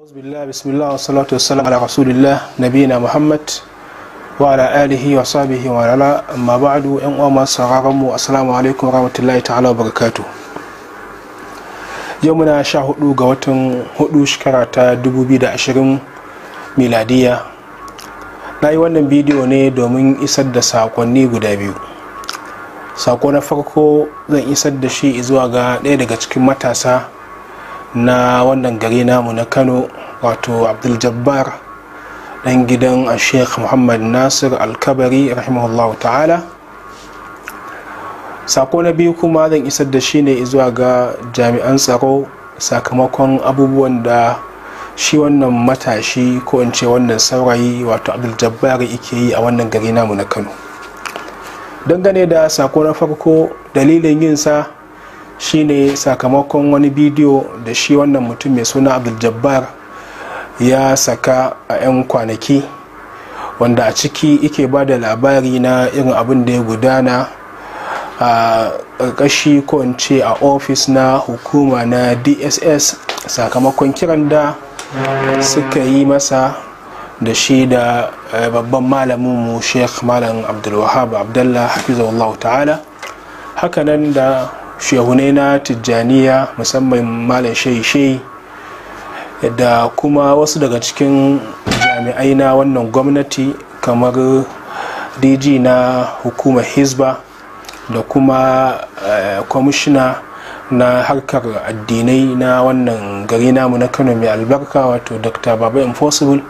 أعوذ بالله بسم الله والصلاة والسلام على رسول الله نبينا محمد وعلى آله وصحبه وعلى أما بعد إن أما سرارمو السلام عليكم ورحمة الله تعالى وبركاته يومنا شا هدو غوتن هدو دبو da عشرين ميلادية na yi wannan bidiyo ne domin isar da sakonni guda biyu sako na farko zan isar da shi zuwa ga ɗaya daga cikin matasa na wannan gari namu na kano wato abdul-jabbar dan gidan a sheikh muhammad nasir alkabari rahimahullahu ta'ala sako na biyu kuma zan isar da shi ne zuwa ga jami'an tsaro sakamakon abubuwan da shi wannan matashi ko in ce wannan saurayi wato abdul-jabbar ike yi a wannan gari namu na kano dangane da sako na farko dalilin yinsa shine sakamakon wani bidiyo da shi wannan mutum mai suna abdul-jabbar ya saka a 'yan kwanaki wanda a ciki ike ba da labari na irin abin da ya gudana a ƙarƙashi ko in ce a ofis na hukuma na dss sakamakon kiran da suka yi masa da shi da eh, babban malamin mu sheikh malam abdulwahab abdullahi hafizu ta'ala hakanan da shehunai na tijjaniya musamman malam shaishai da kuma wasu daga cikin jami'ai na wannan gwamnati kamar dg na hukumar hisba da kuma eh, kwamishina na harkar addinai na wannan gari namu na kano mai albarka wato dr baba impossible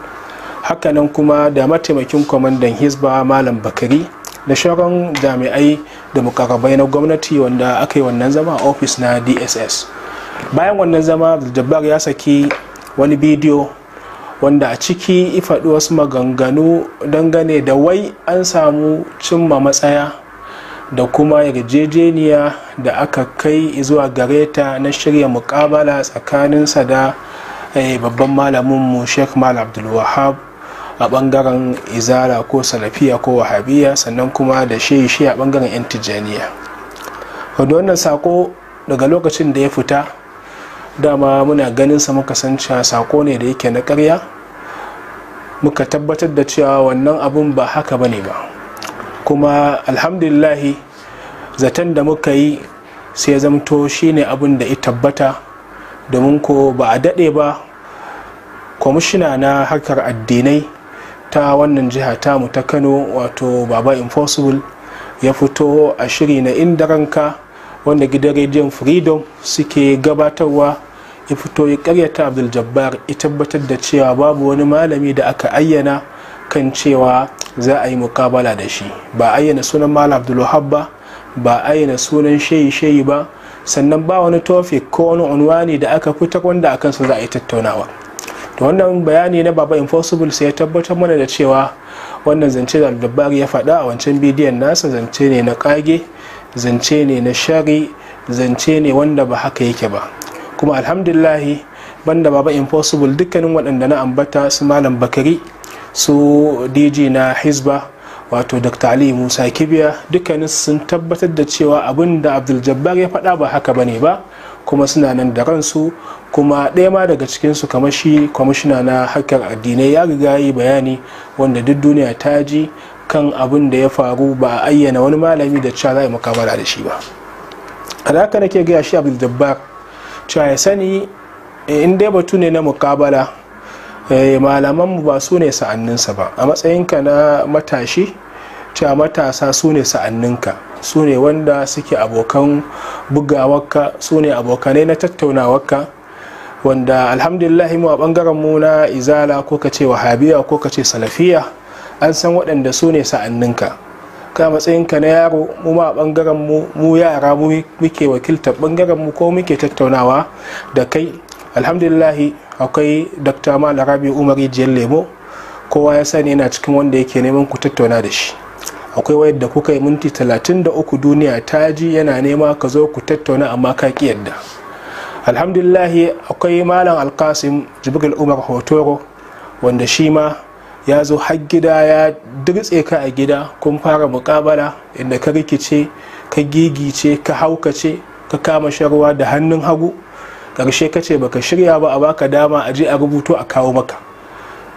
hakanan kuma da mataimakin kwamandan hisba malam bakari da shagon jami'ai da mukarrabai na gwamnati wanda aka yi wannan zama a ofis na dss bayan wannan zama jabbar ya saki wani bidiyo wanda a ciki ifaɗi wasu maganganu dangane da wai an samu cimma matsaya da kuma yarjejeniya da aka kai zuwa gareta na shirya mukabala tsakaninsa da eh, babban malamin mu sheikh mal abdulwahab a bangaren izara ko salafiya ko wahabiya sannan kuma da shi shi a bangaren yan tijjaniya wadda wannan sako daga lokacin da ya fita dama muna ganin sa muka san cewa sako ne da yake na karya muka tabbatar da cewa wannan abun ba haka bane ba kuma alhamdulillahi zaton da muka yi sai zamto shine abun da ya tabbata domin ko ba a daɗe ba kwamishina na harkar addinai ta wannan jiha tamu ta kano wato baba impossible ya fito a shiri na ranka wanda gidan rediyon freedom suke gabatarwa ya fito ya karyata abdul jabbar ya tabbatar da cewa babu wani malami da aka ayyana kan cewa za a yi mukabala da shi ba ayyana sunan malam abdul ba ba ayyana sunan shayi shayi ba sannan ba wani tofik ko wani unwani da aka fitar wanda a su za a yi tattaunawa da wannan bayani na baba impossible sai ya tabbatar mana da cewa wannan zance da aldabari ya faɗa a wancan bidiyon nasa zance ne na kage zance ne na shari zance ne wanda ba haka yake ba kuma alhamdulahi banda baba impossible dukkanin waɗanda na ambata su malam bakari su dg na hisba wato dr ali musa kibiya dukkanin sun tabbatar da cewa abin da abdul jabbar ya faɗa ba haka bane ba kuma suna nan da ransu kuma ɗaya ma daga cikinsu kamar shi kwamishina na hakkar addinai ya riga yi bayani wanda duk duniya ta ji kan abin da ya faru ba a ayyana wani malami da cewa za a yi mukamala da shi ba a haka nake gaya shi abu jabbar cewa ya sani eh, in dai batu ne na mukabala eh, malamanmu ba su ne sa'anninsa ba a matsayinka na matashi cewa matasa su ne sa'anninka su ne wanda suke abokan bugawarka su ne abokanai na tattaunawarka wanda alhamdulillah mu a bangaren mu na izala ko ka ce wahabiya ko ka ce salafiya an san waɗanda su ne sa'anninka ka matsayinka na yaro mu ma a bangaren mu mu yara mu muke wakiltar bangaren mu ko muke tattaunawa da kai alhamdulillah akwai dr rabi umari jiyar lemo kowa ya sani yana cikin wanda yake neman ku tattauna da shi akwai wayar da kuka yi minti 33 duniya ta ji yana nema ka zo ku tattauna amma ka ki yadda alhamdulillahi akwai malam alkasim jibril umar hotoro wanda shi ma ya zo har gida ya dirtse ka a gida kun fara mukabala inda ka rikice ka gigice ka haukace ka kama sharwa da hannun hagu karshe ka ce baka shirya ba a baka dama a ji a rubuto a kawo maka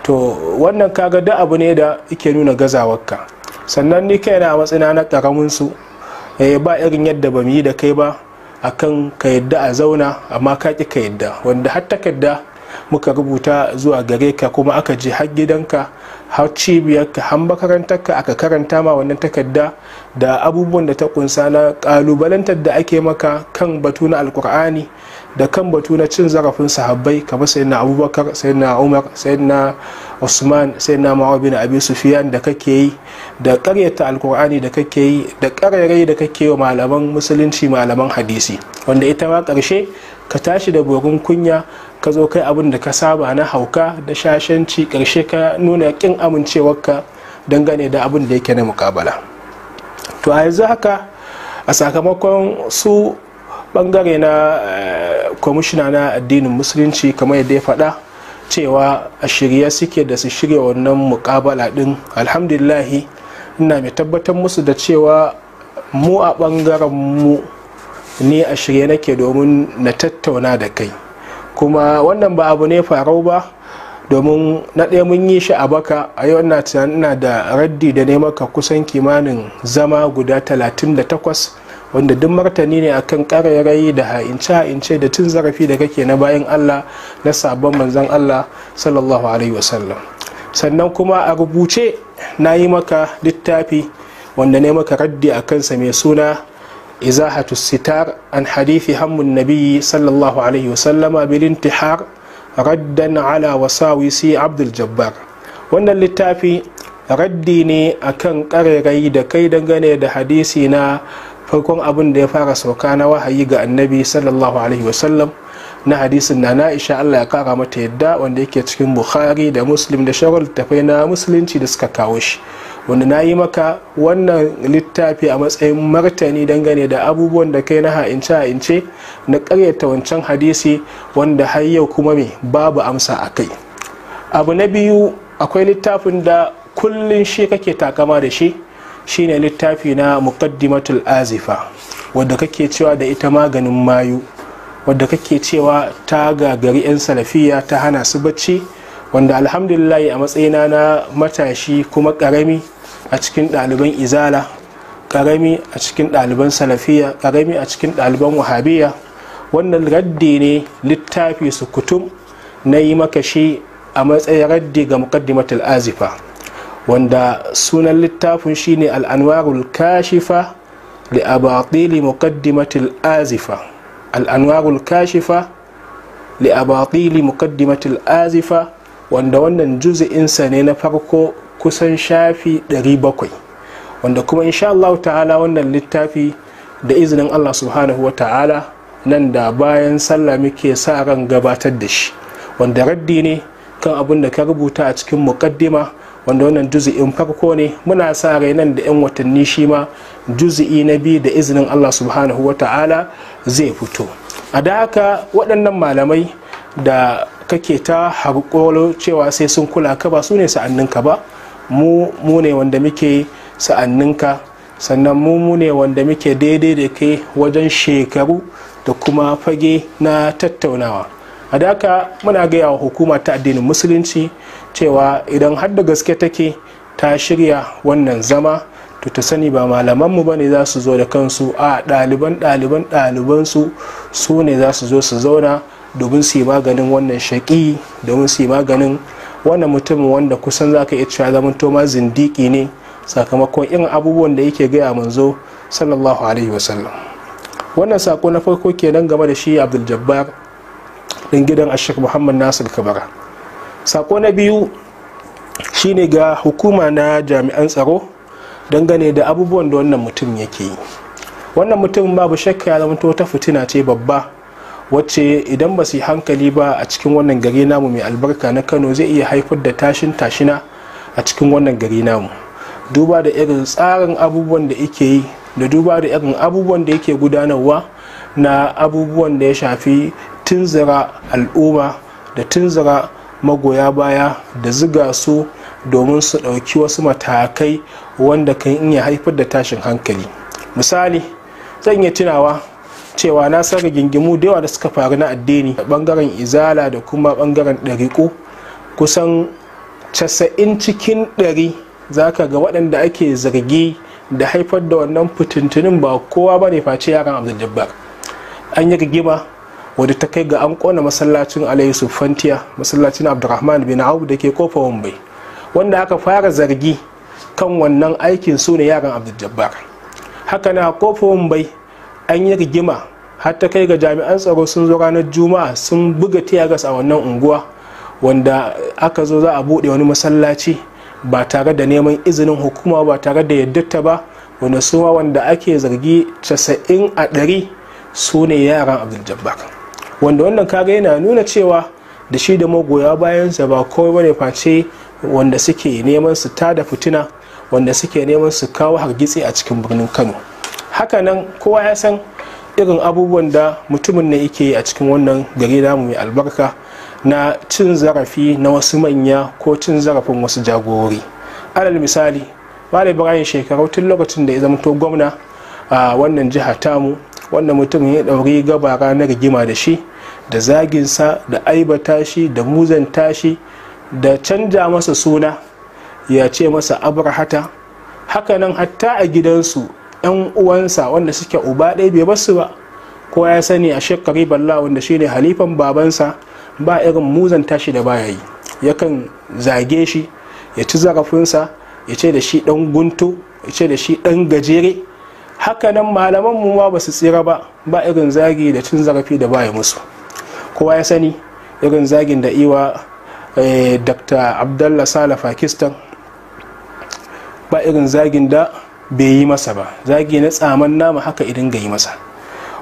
to wannan kaga da abu ne da yake nuna gazawarka sannan ni kai a matsina na karamin su eh, ba irin yadda ba yi da kai ba akan ka yadda a zauna amma ka ki ka yadda wanda har yadda muka rubuta zuwa gare ka kuma aka je har gidanka har cibiyarka har makarantarka aka karanta ma wannan takarda da abubuwan da ta kunsa na kalubalantar da ake maka kan batu na alkur'ani da kan batu na cin zarafin sahabbai kamar na abubakar na umar na usman na ma'awa bin abi sufiyan da kake yi da karyata alkur'ani da kake yi da karyarai da kake wa malaman musulunci malaman hadisi wanda ita ma karshe ka tashi da borin kunya ka zo kai abin da ka saba na hauka da shashanci karshe ka nuna kin amincewarka dangane da abin da yake na mukabala to a yanzu haka a sakamakon su ɓangare na eh, kwamishina na addinin musulunci kamar yadda ya faɗa cewa a shirya suke da su shirya wannan mukabala ɗin alhamdulillahi ina mai tabbatar musu da cewa mu a ɓangaren mu ni a shirye nake domin na tattauna da kai kuma wannan ba abu ne farau ba domin na ɗaya mun yi shi a baka a yau ina tunanin da raddi da ne maka kusan kimanin zama guda 38 wanda duk martani ne akan ƙarairayi da ha'ince-ha'ince da cin zarafi da kake na bayan allah na sabon manzon allah sallallahu alaihi wasallam sannan kuma a rubuce na yi maka littafi wanda ne maka raddi a kansa mai suna izahatu sitar an hadithi hammun nabiyyi sallallahu alaihi wasallama bilintihar raddan ala wasawisi abdul jabbar wannan littafi raddi ne akan ƙarairayi da kai dangane da hadisi na farkon abin da ya fara sauka na wahayi ga annabi sallallahu alaihi wasallam na hadisin na na'isha allah ya kara mata yadda wanda yake cikin bukhari da muslim da shagul littafai na musulunci da suka kawo shi wanda na yi maka wannan littafi a matsayin martani dangane da abubuwan da kai na ha'ince ha'ince na karyata wancan hadisi wanda har yau kuma mai babu amsa a kai abu na biyu akwai littafin da kullum shi kake takama da shi shine littafi na muqaddimatul azifa wadda kake cewa da ita maganin mayu wadda kake cewa ta gagari 'yan salafiya ta hana su bacci wanda alhamdulillah a matsayina na matashi kuma karami a cikin ɗaliban izala karami a cikin ɗaliban salafiya karami a cikin ɗaliban wahabiya wannan raddi ne littafi su kutum na yi makashi a matsayin raddi ga muqaddimatul azifa wanda sunan littafin shine al'anwarul kashifa li abatili muqaddimatil azifa al'anwarul kashifa li abatili muqaddimatil azifa wanda wannan juzi'insa ne na farko kusan shafi 700 wanda kuma insha Allah ta'ala wannan littafi da izinin Allah subhanahu wa ta'ala nan da bayan sallah muke sa ran gabatar da shi wanda raddi ne kan abin da ka rubuta a cikin muqaddima wanda wannan juzi'in farko ne muna sa rai nan da 'yan watanni shi ma juzi'i na biyu da izinin allah subhanahu wa ta'ala zai fito a da haka waɗannan malamai da kake ta harƙolo cewa sai sun kula ka ba su ne sa'anninka ba mu mu ne wanda muke sa'anninka sannan mu mu ne wanda muke daidai da kai wajen shekaru da kuma fage na tattaunawa a daka muna gaya wa hukuma ta addinin musulunci cewa idan har da gaske take ta shirya wannan zama to ta sani ba malamanmu ba ne za su zo da kansu a ɗaliban ɗaliban ɗalibansu su ne za su zo su zauna domin su yi maganin wannan shaƙi domin su yi maganin wannan mutumin wanda kusan za ka iya cewa zaman toma zindiki ne sakamakon irin abubuwan da yake gaya manzo sallallahu alaihi wasallam wannan sako na farko kenan game da shi abdul jabbar ɗin gidan ashik muhammad nasir kabara sako na biyu shine ga hukuma na jami'an tsaro dangane da abubuwan da wannan mutum yake yi wannan mutum babu shakka ya zama ta fitina ce babba wacce idan ba su yi hankali ba a cikin wannan gari namu mai albarka na kano zai iya haifar da tashin tashina a cikin wannan gari namu duba da irin tsarin abubuwan da yake yi da duba da irin abubuwan da yake gudanarwa na abubuwan da ya shafi tunzura al'umma da tunzura magoya baya da ziga su domin su ɗauki wasu matakai wanda kan iya haifar da tashin hankali misali zan iya tunawa cewa na san rigingimu da yawa da suka faru na addini bangaren izala da kuma bangaren ɗariƙo kusan casa'in cikin ɗari za ka ga waɗanda ake zargi da haifar da wannan fitintunin ba kowa ba ne face yaran jabbar an yi rigima wadda ta kai ga an kona masallacin alayhi fantiya masallacin abdurrahman bin awu da ke kofa wambai wanda aka fara zargi kan wannan aikin su ne yaran abdujabbar haka na kofa wambai an yi rigima har ta kai ga jami'an tsaro sun zo ranar juma'a sun buga tiyagas a wannan unguwa wanda aka zo za a buɗe wani masallaci ba tare da neman izinin hukuma ba tare da ta ba wanda suma wanda ake zargi 90 a 100 su ne yaran abdul jabbar wanda wannan kaga yana nuna cewa da shi da magoya bayansa ba kawai bane face wanda suke neman su tada fitina wanda suke neman su kawo hargitsi a cikin birnin kano hakanan kowa ya san irin abubuwan da mutumin ne yake yi a cikin wannan gari namu mai albarka na cin zarafi na wasu manya ko cin zarafin wasu jagorori alal misali ba da shekaru tun lokacin da ya to gwamna a wannan jiha tamu wanda mutum ya ɗauri gaba ranar rigima da shi da zaginsa da aibata shi da muzanta shi da canja masa suna ya ce masa abrahata hakanan hatta a gidansu 'yan uwansa wanda suke uba ɗaya bai basu ba ko ya sani a shekari balla wanda shine halifan babansa ba irin muzanta shi da baya yi yakan zage shi ya ci zarafinsa ya ce da shi ɗan guntu ya ce da shi ɗan gajere hakanan malaman mu ma basu tsira ba ba irin zagi da cin zarafi da baya musu kowa ya sani irin zagin da iwa eh, dr abdallah sala pakistan ba irin zagin da bai yi masa ba zagi na tsaman nama haka idan ga yi masa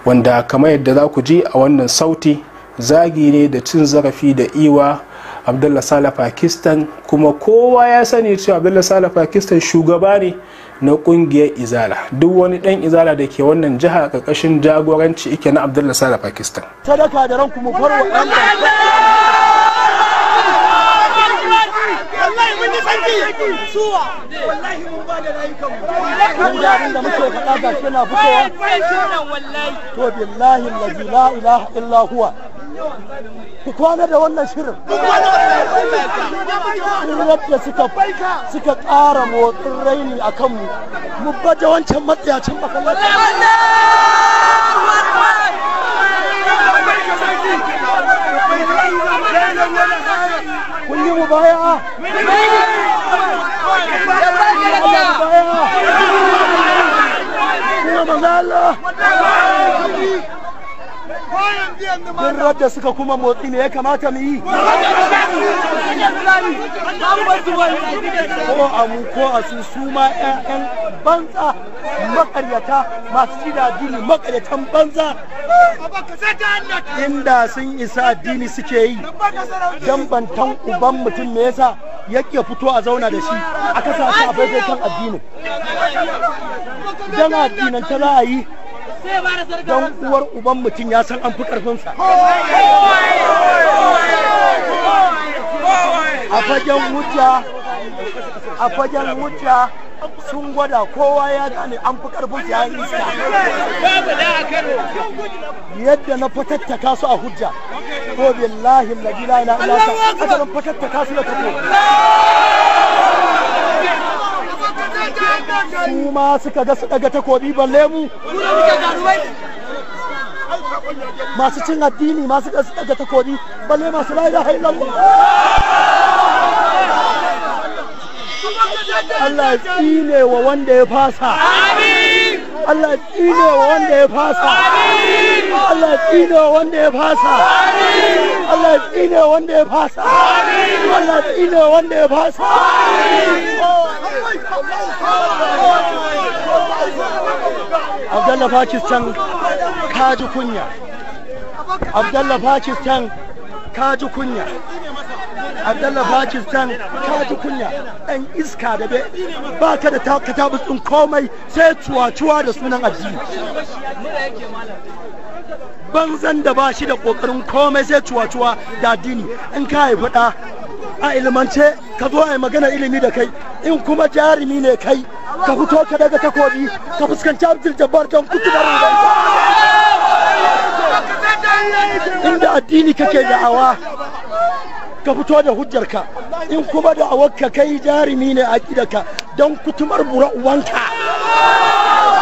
wanda kamar yadda za ku ji a wannan sauti zagi ne da cin zarafi da iwa abdullah sala pakistan kuma kowa ya sani cewa abdullah sala pakistan shugaba ne na kungiyar izala duk wani dan izala da ke wannan jiha karkashin jagoranci ike na abdullah sala pakistan sadaka da ranku mu dan wallahi mun da abin da muke faɗa ga shi na fitowa to billahi allazi la ilaha illa huwa ku kwana da wannan shirin kullum da suka suka ƙara motsin raini a kanmu mu baje wancan matsayacin masallaci kun yi mu baya Kuma maza Allah! Duk radda suka kuma motsi ne ya kamata mu yi. Ko a mu ko a su su ma 'ya'yan banza makaryata masu ci da addini makaryatan banza. Inda sun isa addini suke yi don bantan uban mutum me yasa yake fito a zauna da shi a kasa a kan addini? Don addinan ta za a yi don uwar uban mutum ya san an fi ƙarfinsa a fagen hujja a fagen wuta sun gwada kowa ya gane an fi ƙarfinsa ya yi iska yadda na fatatta su a hujja ko billahi ladila na ilasa asalin fatatta su da kafo su ma suka ga su daga takobi balle mu masu cin addini masu ga su daga takobi balle masu la ilaha illallah Allah ya tsine wa wanda ya fasa Allah ya tsine wa wanda ya fasa Allah ya tsine wa wanda ya fasa Allah ya tsine wa wanda ya fasa Allah ya tsine wa wanda ya fasa abdalla pakistan ka ji kunya abdalla pakistan ka ji kunya abdalla pakistan ka ji kunya dan iska da be ba ka da katabus din komai sai cuwa-cuwa da sunan addini banzan da ba shi da kokarin komai sai cuwa-cuwa da addini in ka haifi a ilmance ka zo a magana ilimi da kai in kuma jarumi ne kai ka fito ka daga takobi ka fuskanci abdul jabbar don kutubar inda addini kake da'awa ka fito da hujjarka in kuma da ka kai jarumi ne a gidanka don kutumar bura uwanka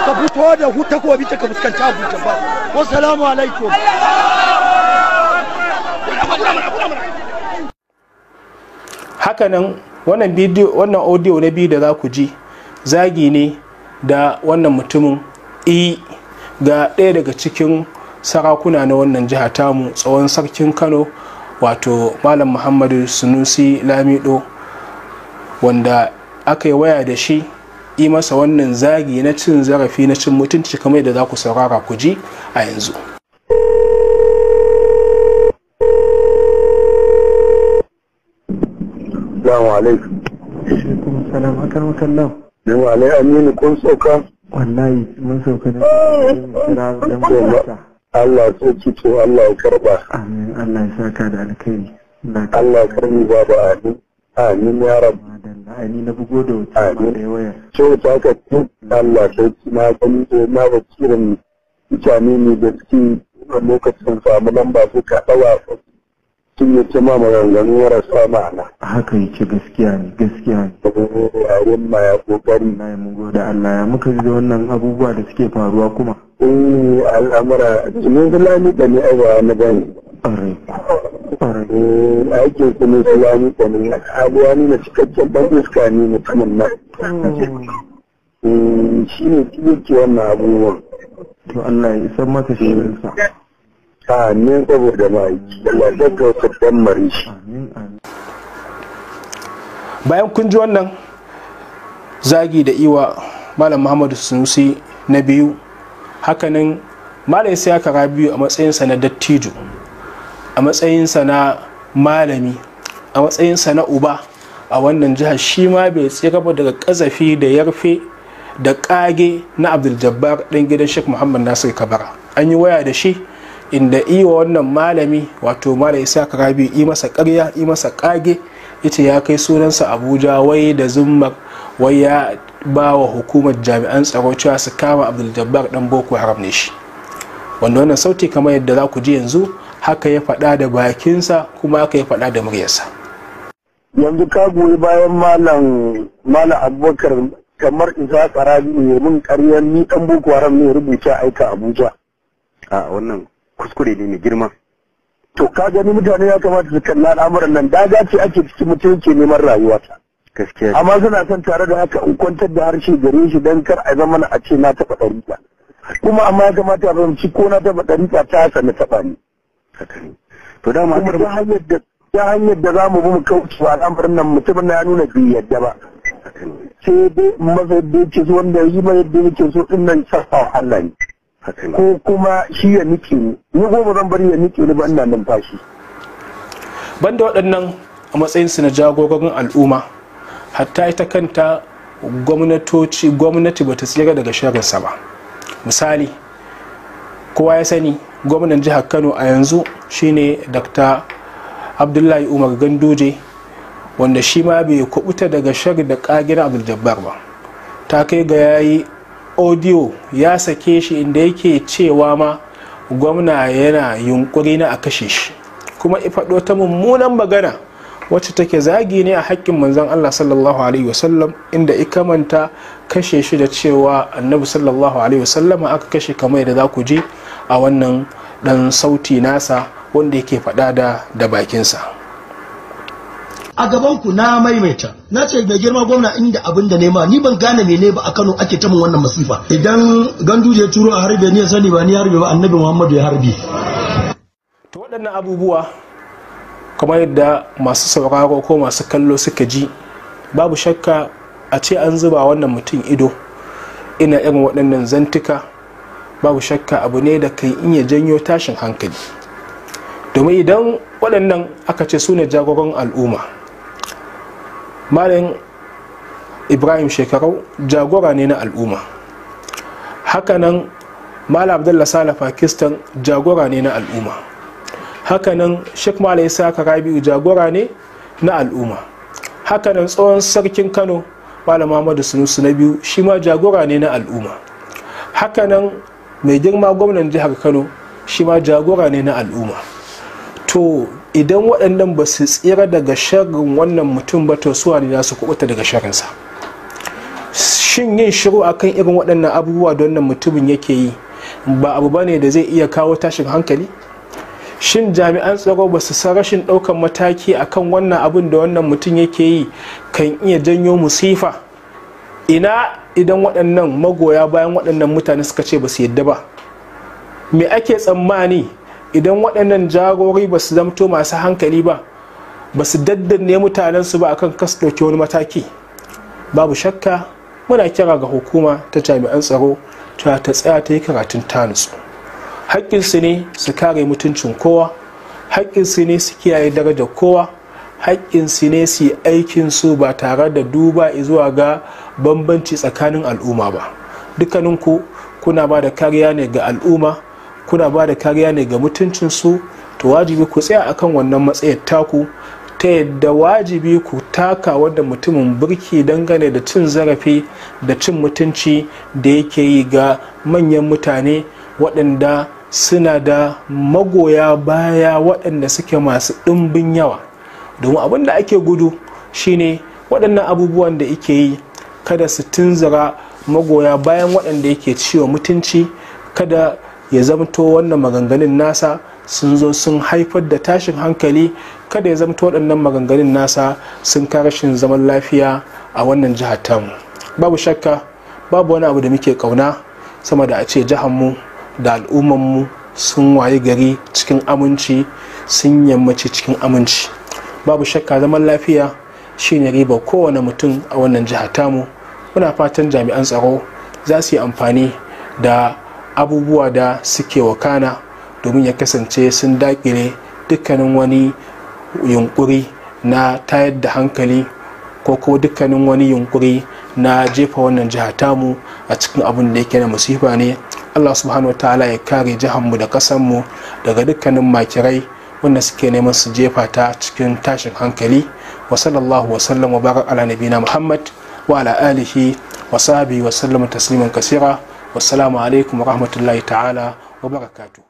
ka fito da takobi ka fuskanci abdul jabbar salamu alaikum hakanan wannan bidiyo wannan audio na biyu da za ku ji zagi ne da wannan mutumin i e, ga ɗaya daga cikin sarakuna na wannan jiha tamu tsawon sarkin kano wato malam muhammadu sunusi lamido wanda aka yi waya da shi yi masa wannan zagi na cin zarafi na cin mutunci kamar da za ku saurara ku ji a yanzu Assalamu alaikum. Alaikum salam akan wakallam. Ne wa alai aminu kun sauka? Wallahi mun sauka ne. Kira dan bata. Allah so kito Allah karba. Amin Allah ya saka da alkhairi. Allah ya karbi baba amin. Amin ya rabu. Ani na bugo da wuta ma da wayar. ta ka Allah sai na gani ko na bakirin mutane ne da suke lokacin samu lamba suka dawa sun yi ta maganganu marasa ma'ana. A Haka yake gaskiya ne gaskiya ne. Abin ma ya kokari. Na yi mugu da Allah ya muka ji wannan abubuwa da suke faruwa kuma. Eh al'amura jinin zulani da ne aiwa na gani. Ƙwarai. Ƙwarai. Aikin kuma zulani da ne abuwa ne na cikakken ban iska ne mutumin nan. Mm. Mm, shi ne yake wannan abubuwan. To Allah ya isar masa shirinsa. bayan kun ji wannan zagi da iwa malam Muhammadu Sunusi na biyu hakanan malam sai aka rabiyu a matsayinsa na dattijo a matsayinsa na malami a matsayinsa na uba a wannan jihar shi ma bai tsira ba daga kazafi da yarfe da kage na abdul jabbar dan gidan sheikh muhammad nasir kabara an yi waya da shi inda iwa wannan malami wato mala isa rabi yi masa karya yi masa kage ita ya kai sunansa abuja wai da zummar wai ya ba wa hukumar jami'an tsaro cewa su kama abdul dan boko haram ne shi wanda wannan sauti kamar yadda za ku ji yanzu haka ya faɗa da bakinsa kuma haka ya faɗa da muryarsa yanzu ka goyi bayan malam malam abubakar kamar isa karabi ne mun karyar ni dan boko haram ne rubuta aika abuja a wannan kuskure ne mai girma to ka gani mutane ya kamata su kalla al'amuran nan da ce ake cikin mutum ke neman rayuwata gaskiya amma suna son tare da haka in kwantar da harshe gare shi dan kar a zama a ce na taɓa ɗariƙa kuma amma ya kamata a fahimci ko na taɓa ɗariƙa ta haka na taɓa ni to dama kuma ta hanyar da ta hanyar da za mu bi mu kauce wa al'amuran nan mutumin na ya nuna bai yadda ba sai dai masa yadda yake so wanda yi ma yadda yake so ɗin nan sassa wahala ne ko kuma shi ya nike ni ni goma zan bari ya nike ni ba ina numfashi banda waɗannan a su na jagororin al'umma hatta ita kanta gwamnatoci gwamnati bata tsira daga shirinsa ba misali kowa ya sani gwamnan jihar kano a yanzu shine dr abdullahi umar ganduje wanda shi ma bai kubuta daga shagar da kagin abdul ba ta kai ga yayi audio ya sake shi inda yake cewa ma gwamna yana yunkuri na a kashe shi kuma ifaɗo ta mummunan magana wacce take zagi ne a haƙƙin manzon Allah sallallahu alaihi wasallam inda ikamanta kashe shi da cewa annabi sallallahu alaihi wasallam aka kashe kamar yadda za ku ji a wannan ɗan sauti nasa wanda yake faɗa da bakinsa. a gaban ku na maimaita na ce mai girma gwamna inda abin da nema ni ban gane mene ba a Kano ake ta min wannan masifa idan ya turo a harbe ni ya sani ba ni harbe ba annabi Muhammadu ya harbe to waɗannan abubuwa kamar yadda masu sauraro ko masu kallo suka ji babu shakka a ce an zuba wannan mutum ido ina irin waɗannan zantuka babu shakka abu ne da kan iya janyo tashin hankali domin idan waɗannan aka ce su ne jagoran al'umma malin ibrahim shekarau jagora ne na al'umma hakanan malam abdullah sala pakistan jagora ne na al'umma hakanan shek malam isa rabi'u jagora ne na al'umma hakanan tsohon sarkin kano malam muhammadu sunusu na biyu shi ma jagora ne na al'umma hakanan mai girma gwamnan jihar kano shi ma jagora ne na al'umma to idan waɗannan ba su tsira daga sharrin wannan mutum ba to suwa ne za su kubuta daga shirinsa. shin yin shiru akan irin waɗannan abubuwa da wannan mutumin yake yi ba abu ba ne da zai iya kawo tashin hankali shin jami'an tsaro ba su san rashin ɗaukar mataki akan wannan abin da wannan mutum yake yi kan iya janyo musifa ina idan waɗannan magoya bayan waɗannan mutane suka ce ba su yadda ba me ake tsammani idan waɗannan jagorori ba su zamto masu hankali ba ba su mutanen mutanensu ba akan kasu ɗauki wani mataki babu shakka muna kira ga hukuma ta jami'an tsaro ta ta tsaya ta yi karatun tanus haƙƙinsu ne su kare mutuncin kowa haƙƙinsu ne su kiyaye daraja kowa haƙƙinsu ne su yi aikinsu ba tare da duba zuwa ga bambanci tsakanin al'umma ba dukkaninku kuna ba da kariya ne ga al'umma kuna ba da kariya ne ga mutuncinsu to wajibi ku tsaya akan wannan matsayar taku ta yadda wajibi ku taka wadda mutumin birki dangane da cin zarafi da cin mutunci da yake yi ga manyan mutane waɗanda suna da magoya baya waɗanda suke masu ɗumbin yawa domin abin da ake gudu shine waɗannan abubuwan da ike yi kada su tunzura magoya bayan waɗanda yake ciwo mutunci kada ya zamto wannan maganganun nasa sun zo sun haifar da tashin hankali kada ya zamto waɗannan maganganun nasa sun ka rashin zaman lafiya a wannan jihar tamu babu shakka babu wani abu da muke kauna sama da a ce mu da al'ummanmu sun waye gari cikin aminci sun yammaci cikin aminci babu shakka zaman lafiya shine riba kowane mutum a wannan jihatamu muna fatan jami'an tsaro za su yi amfani da abubuwa da suke wakana domin ya kasance sun daƙile dukkanin wani yunkuri na tayar da hankali ko ko dukkanin wani yunkuri na jefa wannan jiha mu a cikin abin da yake na musifa ne allah subhanahu ta'ala ya kare mu da kasanmu daga dukkanin makirai wanda suke neman su jefa ta cikin tashin hankali wa sallallahu wa sallam wa barak ala nabina muhammad wa ala alihi wa sahbihi wa sallam tasliman kasira والسلام عليكم ورحمة الله تعالى وبركاته